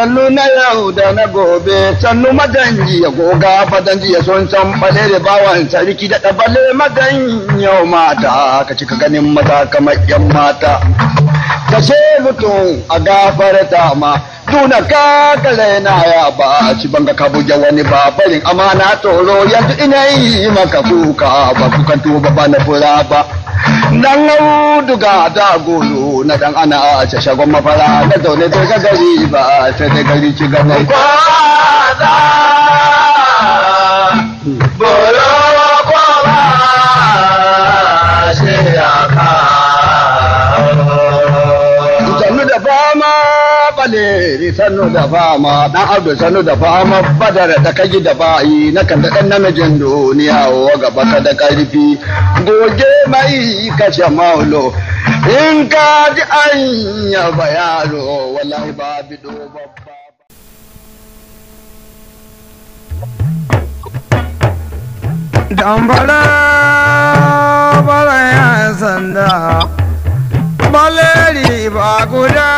Sannu na yau da na gobe, sannu maganji ya goga fadan ya sun san bale da bawan sarki da ɗabale magan yau mata, ka cika ganin mata kamar yan mata. Kashe mutum a ta ma, tuna kakale na ya ba, ci banga ka buja wani babarin amana toro yanzu ina yi maka kuka ba kukan tuba ba na fura ba. lau duga da golo na dan ana a shagon mafara na zaune sai ga gari ba a ce gari ci gaba. Kwaza! Bolo! sanu sannu da fama dan abdu sannu da fama badara da kaji da ba'i na kan da dan namijin duniya wa gaba ka da karfi goge mai kace maulo in ka ji an yaba yaro wallahi ba bido babba dambara bara ya sanda baleri ba guda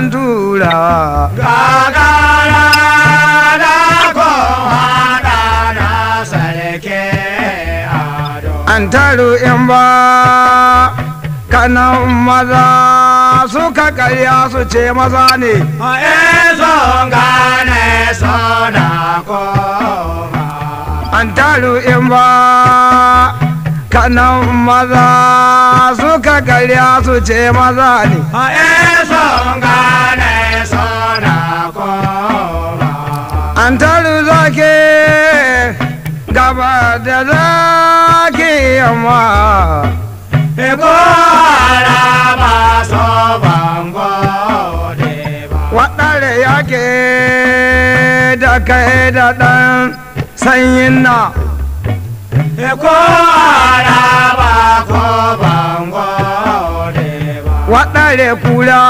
wajen turawa gagara da komaɗa na sarki ado an taru in ba maza suka karya su ce maza ne Sona son gane suna koma an taru in ba kanan maza suka karya su ce maza ne a eh, son gane suna koma an taru zake gaba da zaki yamma e, ba maso ba. wadare yake da kai da ɗan sanyin na ko araba ko bango kura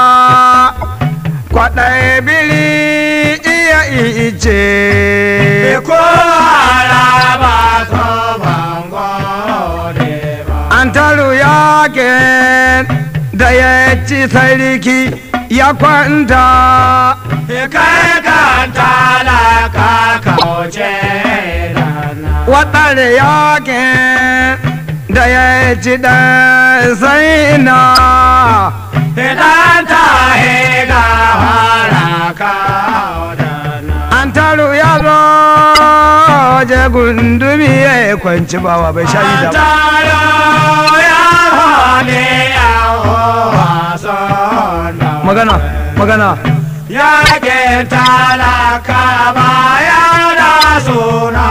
kwaɗaye bili iya ice ko araba ko bango an taru yakin da ya ci sarki ya kwanta ya kai kanta kare yakin da ya ci dan sai na idan ta ga haraka an taro ya zo je gundumi ya kwanci bawa bai shayi da ba magana magana ya ke talaka bayan da suna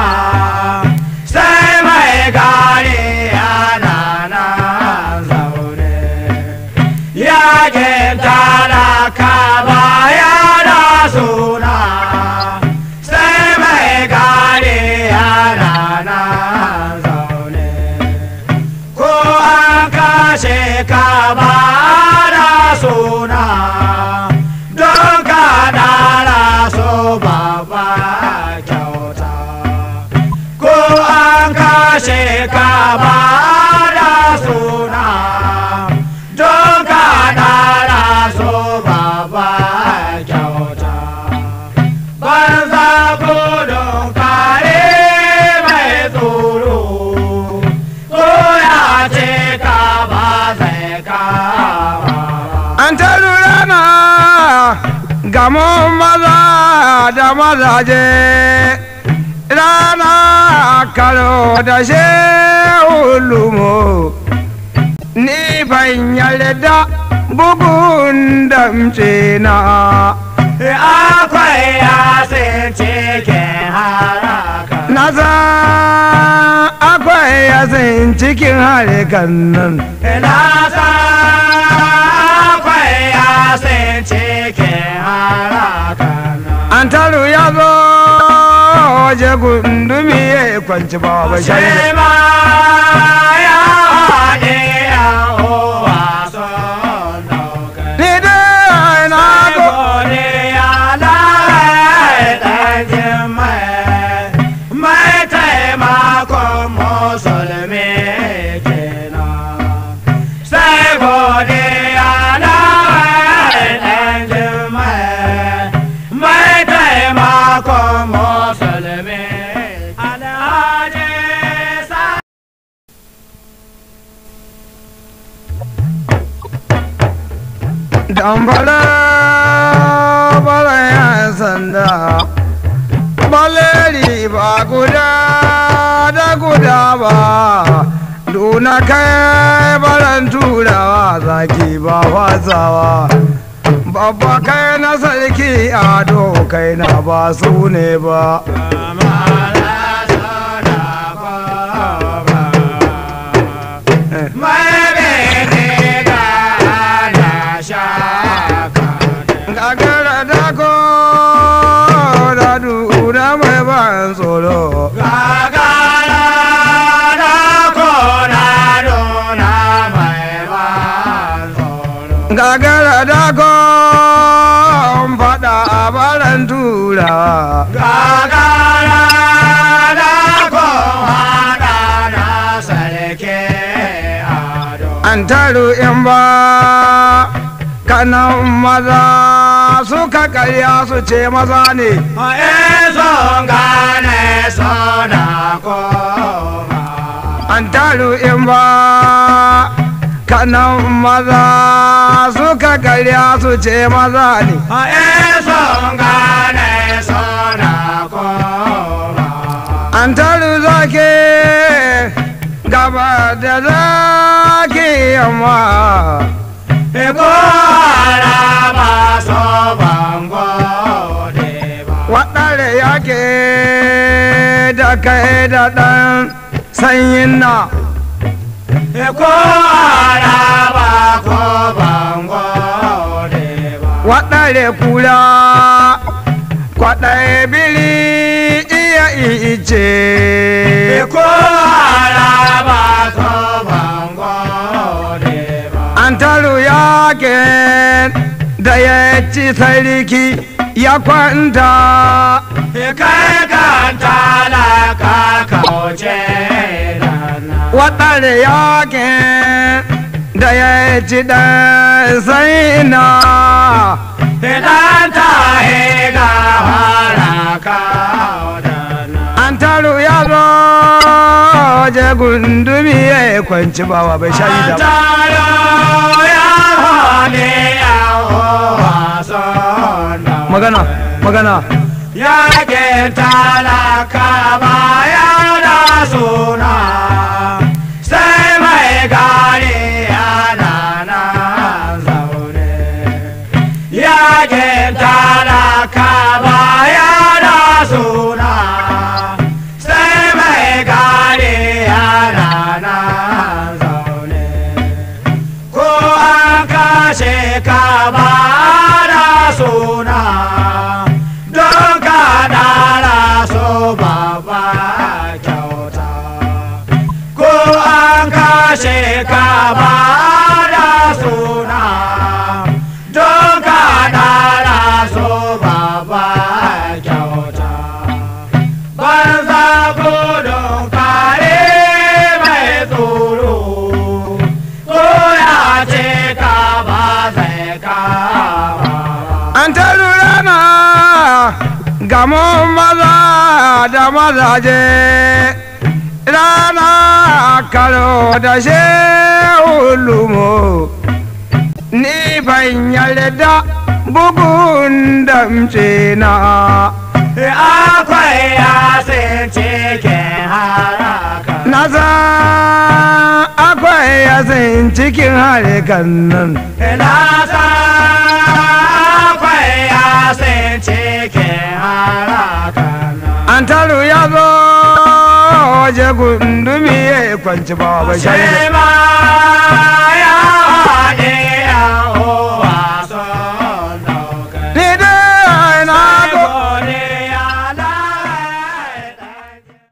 zagin talaka baya da suna sai mai gane yana na zaune ko an kashe ka ba da suna don ka dara so a kyauta ku an kashe ka ba kamar maza da mazaje rana karo da ulumo. ni ban da bugun damce na akwai yasin ke haraka Naza akwai yasin cikin harikan nan nasa ya gundumi ya kwanci baba shai damfara bara sanda baleri ba guda da guda ba duna kai baran turawa zaki ba fasawa babba kai na sarki ado kai na ba su ne ba gagara dako da mai ban tsoro gagara dako da ban tsoro dako a baran turawa gagara dako hada na taru in ba kanan maza suka karya su ce maza ne in sun eh, gane na koma an taru in ba kanan maza suka karya su ce maza ne in sun eh, gane na koma an taru zake gaba da zaki yamma ta kai da ɗan sanyin na ko ba ko bango waɗare kula kwaɗaye biri iya ice ko ba ko bango an taru yakin da ya ci sarki ya kwanta kai kanta waɗar yakin da ya ci ɗan sai na hidanta ga haraka an taru ya zo je gundumi ya yi. kwanci ba wa bai shayi da ba ya magana magana ya ke talaka bayan yana Get down. da mazaje rana karo da shehu ni ban da bugun damce na akwai yasin cikin haraka nasa akwai yasin cikin harkan nan nasa da gundumi ya kwanci baba shai